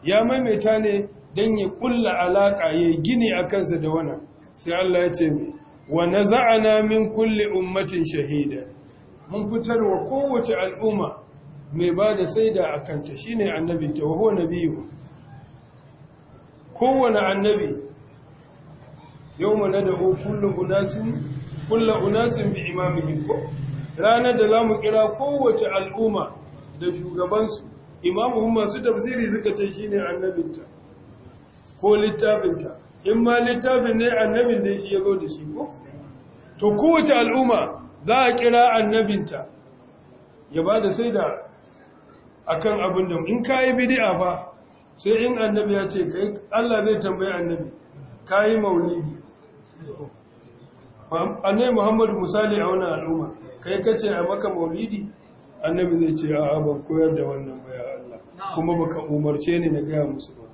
ya maimaita ne don ya kulla alaƙa ya gini a kansa da wana sai Allah ya ce mai wa za'ana min kulle ummatin shahida mun fitarwa kowace al'umma mai ba da saida a kanta shi ne annabi ta waho biyu kowane annabi yau mana da kullum unasin kulla unasin bi imamihim ko ranar da zamu kira kowace al'umma da shugabansu imamuhum masu tafsiri suka ce shine annabinta ko littafinta in ma littafin ne annabin da shi ya zo da shi ko to kowace al'umma za a kira annabinta ya ba da sai da akan abin da in kayi bid'a fa sai in annabi ya ce kai Allah zai tambaye annabi kayi maulidi annai muhammadu misali a wani al'umma kai ka ce a maka maulidi annabi zai ce a ba koyar da wannan baya Allah kuma baka umarce ne na gaya musu ba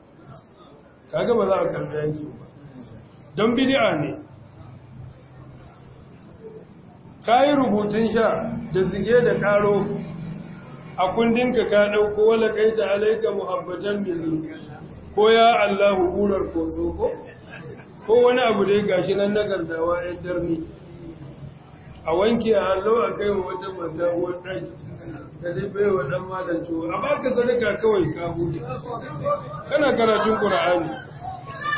kaga ba za a karbi yanki ba don bidi'a ne Ka yi rubutun sha da zige da karo a kundinka ka ɗauko wala kai ta alaika muhabbatan bizul ko ya Allah hurar ko tsoko ko wani abu da ya gashi nan na gardawa ya darni a wanke a hallo a kai wa wata mata uwar da zai bai wa ɗan malam tuwo a baka sadaka kawai ka huta kana karatun ƙura'ani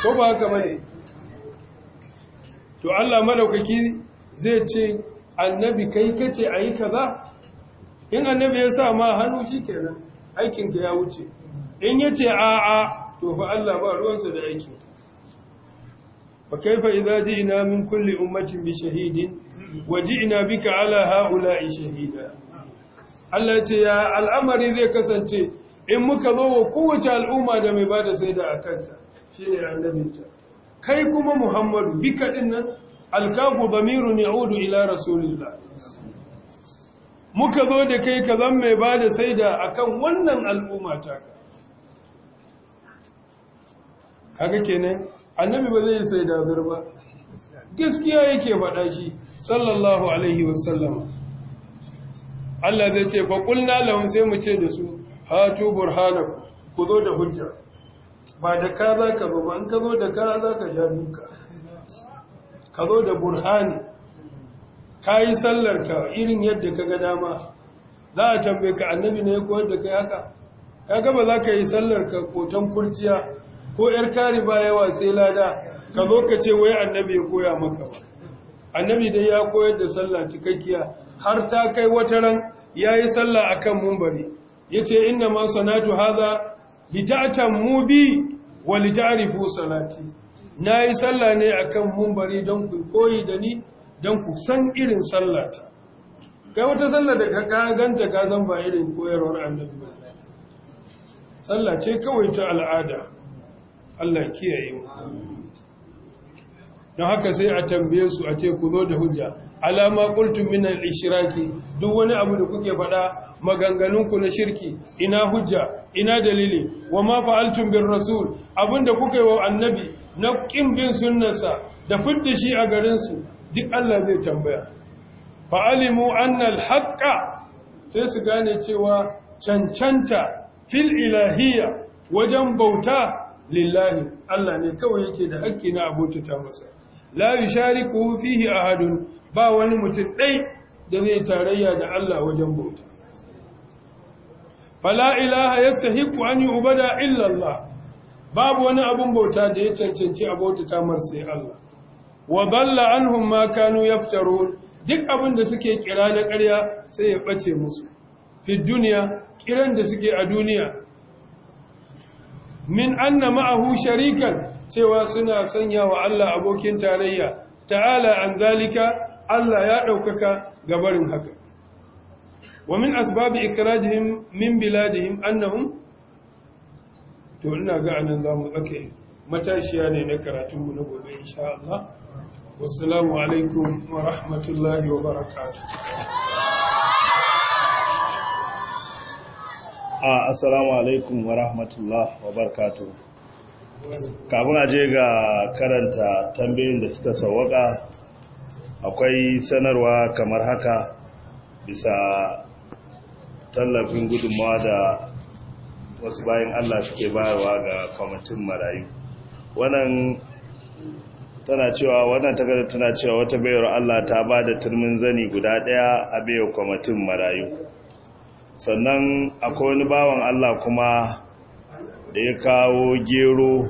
ko ba haka bane to Allah madaukaki zai ce annabi kai kace ayi kaza in annabi ya sa ma hannu shikenan aikin ka ya wuce in yace a'a to fa Allah ba ruwansa da aikin فكيف إذا جئنا من كل أمة بشهيد وجئنا بك على هؤلاء شهيدا Allah ce ya al'amari zai kasance in muka zo wa kowace al'umma da mai ba da a kanta shi ne annabinta kai kuma muhammadu bika ɗin nan alkafu zamiru ne Audu ila rasulillah muka zo da kai ka mai ba da sai da a kan wannan al'umma ta ka kaga kenan annabi ba zai sai da ba gaskiya yake faɗa shi sallallahu alaihi wasallam Allah zai ce faƙulna lahun sai mu ce da su hatu burhanaku ku zo da hujja ba da ka za ka ba in ka zo da ka za ka ja duka ka zo da burhani ka yi sallarka irin yadda ka ga dama za a tambaye ka annabi ne ko yadda ka yi haka ka gaba za ka yi sallarka koton furciya ko ‘yar kari ba yawa sai lada ka zo ka ce wai annabi ya koya maka annabi dai ya koyar da sallah cikakkiya har ta kai wata ran ya yi sallah akan kan mumbari ya ce inna ma sanatu haza bidatan mu bi wa lijarifu salati na yi sallah ne akan kan mumbari don ku koyi da ni don ku san irin sallata kai wata sallah da ka ganta ka zan ba irin koyarwar annabi sallah ce kawai ta al'ada Allah kiyaye mu don haka sai a tambaye su a ce ku zo da hujja alama qultum min al-ishraki duk wani abu da kuke faɗa maganganun ku na shirki ina hujja ina dalili wa ma fa'altum bir rasul abinda kuka yi wa annabi na kin bin sunnarsa da fitta shi a garin su duk Allah zai tambaya fa alimu anna al-haqqa sai su gane cewa cancanta fil ilahiyya wajen bauta lillahi Allah ne kawai yake da hakki na abotata masa la yushariku fihi ahadun ba wani mutum dai da zai tarayya da Allah wajen bauta fala ilaha yastahiqu an yu'bada illa Allah babu wani abun bauta da ya cancanci a bautata masa Allah wa dalla anhum ma kanu yaftarun duk abin da suke kira na ƙarya sai ya bace musu fi duniya kiran da suke a duniya min anna ma'ahu sharikan cewa suna sanya wa Allah abokin tarayya ta'ala an zalika Allah ya daukaka gabarin haka wa min asbabi ikhrajihim min biladihim annahum to ina ga anan zamu tsake matashiya ne na karatu na gobe insha Allah wassalamu alaikum wa rahmatullahi wa barakatuh A'a, assalamu alaikum wa rahmatullah wa barkatu kafin a je ga karanta tambayin da suka sauwaka, akwai sanarwa kamar haka bisa tallafin gudunmawa da wasu bayan allah suke bayarwa ga kwamitin marayu wannan tana cewa wannan takardar tana cewa wata bayar allah ta ba da turmin zani guda daya a bayar kwamitin marayu sannan akwai wani bawan Allah kuma da ya kawo gero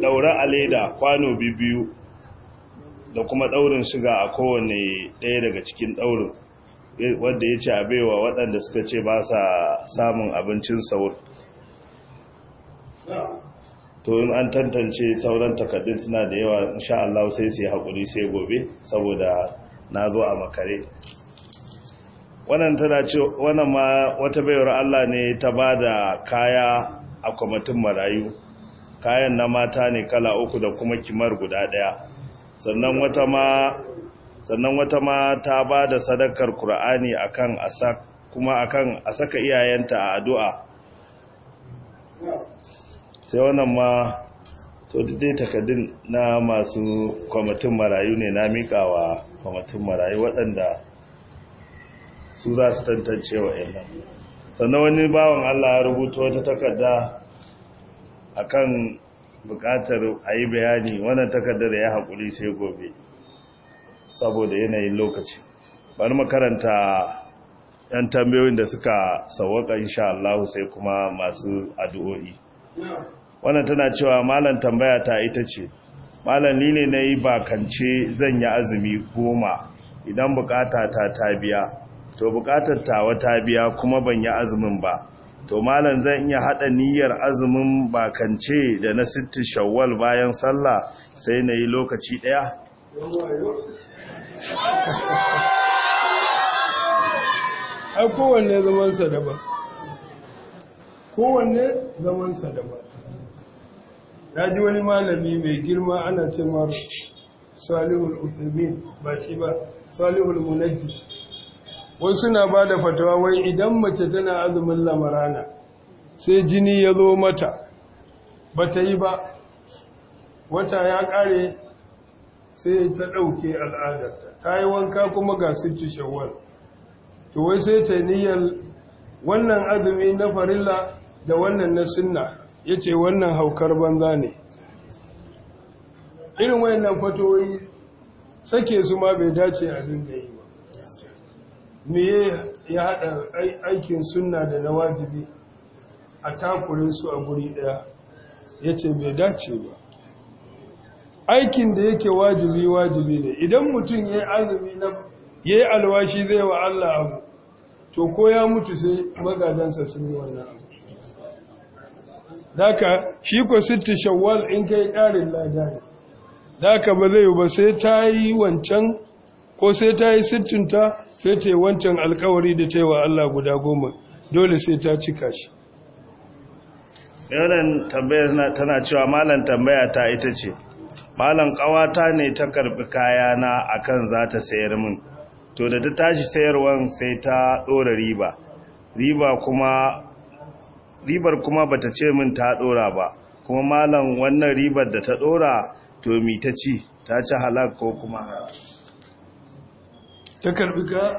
daura a leda kwano biyu da kuma ɗaurin shiga a kowane ɗaya daga cikin ɗaurin, wadda ya ce abewa waɗanda suka ce ba sa samun abincin saur to an tantance sauran takardun suna da yawa sha Allah sai su yi haƙuri sai gobe saboda na zo a makare wannan tana ce wannan ma wata bayar Allah ne ta ba da kaya a kwamitin marayu kayan na mata ne kala uku da kuma kimar guda ɗaya sannan wata ma sannan wata ma ta ba da sadakar Kur'ani akan asak kuma akan a saka iyayenta a addu'a sai wannan ma to dai takaddun na masu kwamitin marayu ne na mikawa kwamitin marayu waɗanda su za su tantance wa ina sannan wani bawan Allah ya rubuta wata takarda akan bukatar a yi bayani wannan takardar ya haƙuri sai gobe saboda yanayin lokaci bari makaranta yan tambayoyin da suka sawaka insha Allah sai kuma masu addu'o'i wannan tana cewa malam tambaya ta ita ce malam ni ne nayi bakance zan yi azumi goma idan bukata ta ta biya to bukatar tawa ta biya kuma ban yi azumin ba to malam zan iya hada niyyar azumin bakance da na sittin shawwal bayan sallah sai na yi lokaci daya a kowanne zamansa daban kowanne zamansa daban ya ji wani malami mai girma ana cimar salihul uthamin ba shi ba salihul munajji Wasu na ba da fatawa wai idan mace tana azumin lamarana sai jini ya zo mata ba ta yi ba wata ya kare sai ta ɗauke al'adarta ta yi wanka kuma ga sirci shawar to wai sai ta niyyar wannan azumi na farilla da wannan na sunna ya ce wannan haukar banza ne irin wayannan fatoyi sake su ma bai dace a dinga yi me ya haɗa aikin sunna da na wajibi a takurin su a guri ɗaya ya ce bai dace ba aikin da yake wajibi wajibi ne idan mutum ya yi azumi na ya yi alwashi zai wa Allah abu to ko ya mutu sai magadansa sun yi wannan abu daga shi ko sitti shawwal in kai ƙarin lada ne daga ba zai ba sai ta yi wancan ko sai ta yi sittinta sai ta yi wancan alkawari da cewa Allah guda goma dole sai ta cika shi yawan tambaya tana cewa malam tambaya ta ita ce malam ƙawata ne ta karbi kayana akan za ta sayar min to da ta tashi sayarwan sai ta ɗora riba riba kuma ribar kuma bata ce min ta ɗora ba kuma malam wannan ribar da ta ɗora to mi ta ci ta ci halak ko kuma haram ta karbi ga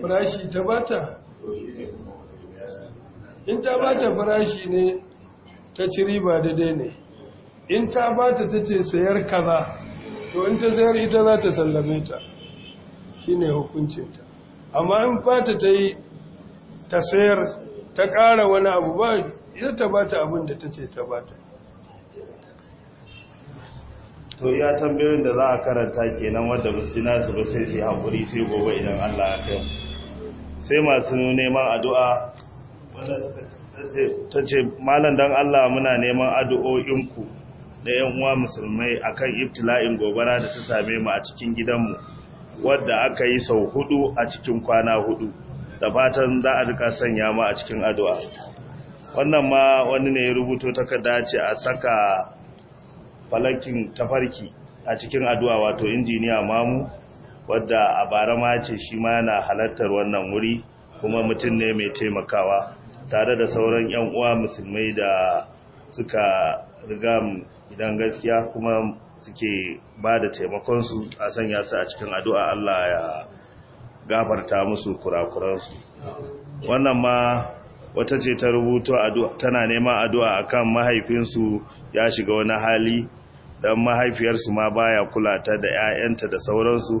farashi ta bata in ta bata farashi ne ta ci riba daidai ne in ta bata ta ce sayar kaza to in ta sayar ita za ta sallame ta shi shine hukuncinta amma in fata ta yi ta sayar ta ƙara wani abu ba ita ta bata abin da ta ce ta bata to ya tambayoyin da za a karanta kenan wadda ba su nasu ba sai su haƙuri sai gobe idan Allah ya kai sai masu neman addu'a ta ce malam don Allah muna neman addu'o'inku da yan uwa musulmai akan ibtila'in gobara da ta same mu a cikin gidanmu wadda aka yi sau hudu a cikin kwana hudu da fatan za a rika sanya mu a cikin addu'a wannan ma wani ne ya rubuto takarda ce a saka falakin tafarki a cikin addu'a wato injiniya mamu wadda a bara ma ce shi ma yana halartar wannan wuri kuma mutum ne mai taimakawa tare da sauran 'yan uwa musulmai da suka riga idan gaskiya kuma suke ba da taimakonsu a sanya su a cikin addu'a Allah ya gafarta musu kurakuransu wannan ma wata ce ta rubuto tana neman addu'a akan mahaifinsu ya shiga wani hali dan mahaifiyarsu ma baya kula ta da 'ya'yanta da sauransu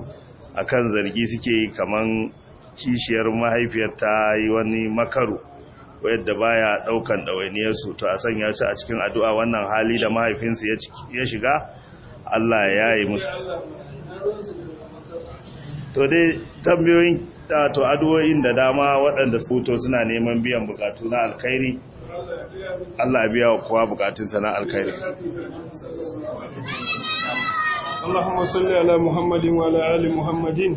akan zargi suke yi kaman kishiyar mahaifiyar ta yi wani makaru wadda baya daukan ɗawainiyarsu to a sanya shi a cikin addu'a wannan hali da mahaifinsu ya shiga Allah ya yi musu to dai tambayoyin to addu'o'in da dama waɗanda su suna neman biyan bukatu na alkhairi Allah biya wa kowa bukatunsa na alkhairi. Allahumma salli ala Muhammadin wa ala ali Muhammadin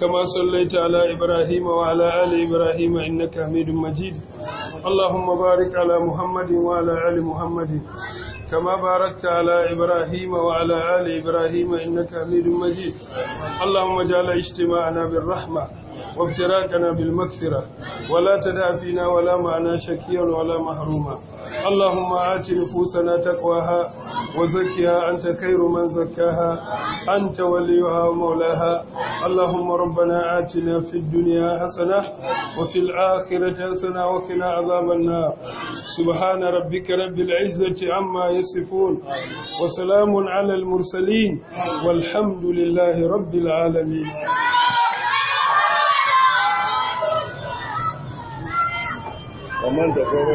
kama sallaita ala Ibrahim وافتراكنا بالمكثرة ولا تدع فينا ولا معنا شكيا ولا محروما اللهم آت نفوسنا تقواها وزكها أنت خير من زكاها أنت وليها ومولاها اللهم ربنا آتنا في الدنيا حسنة وفي الآخرة حسنة وقنا عذاب النار سبحان ربك رب العزة عما يصفون وسلام على المرسلين والحمد لله رب العالمين 我们这边。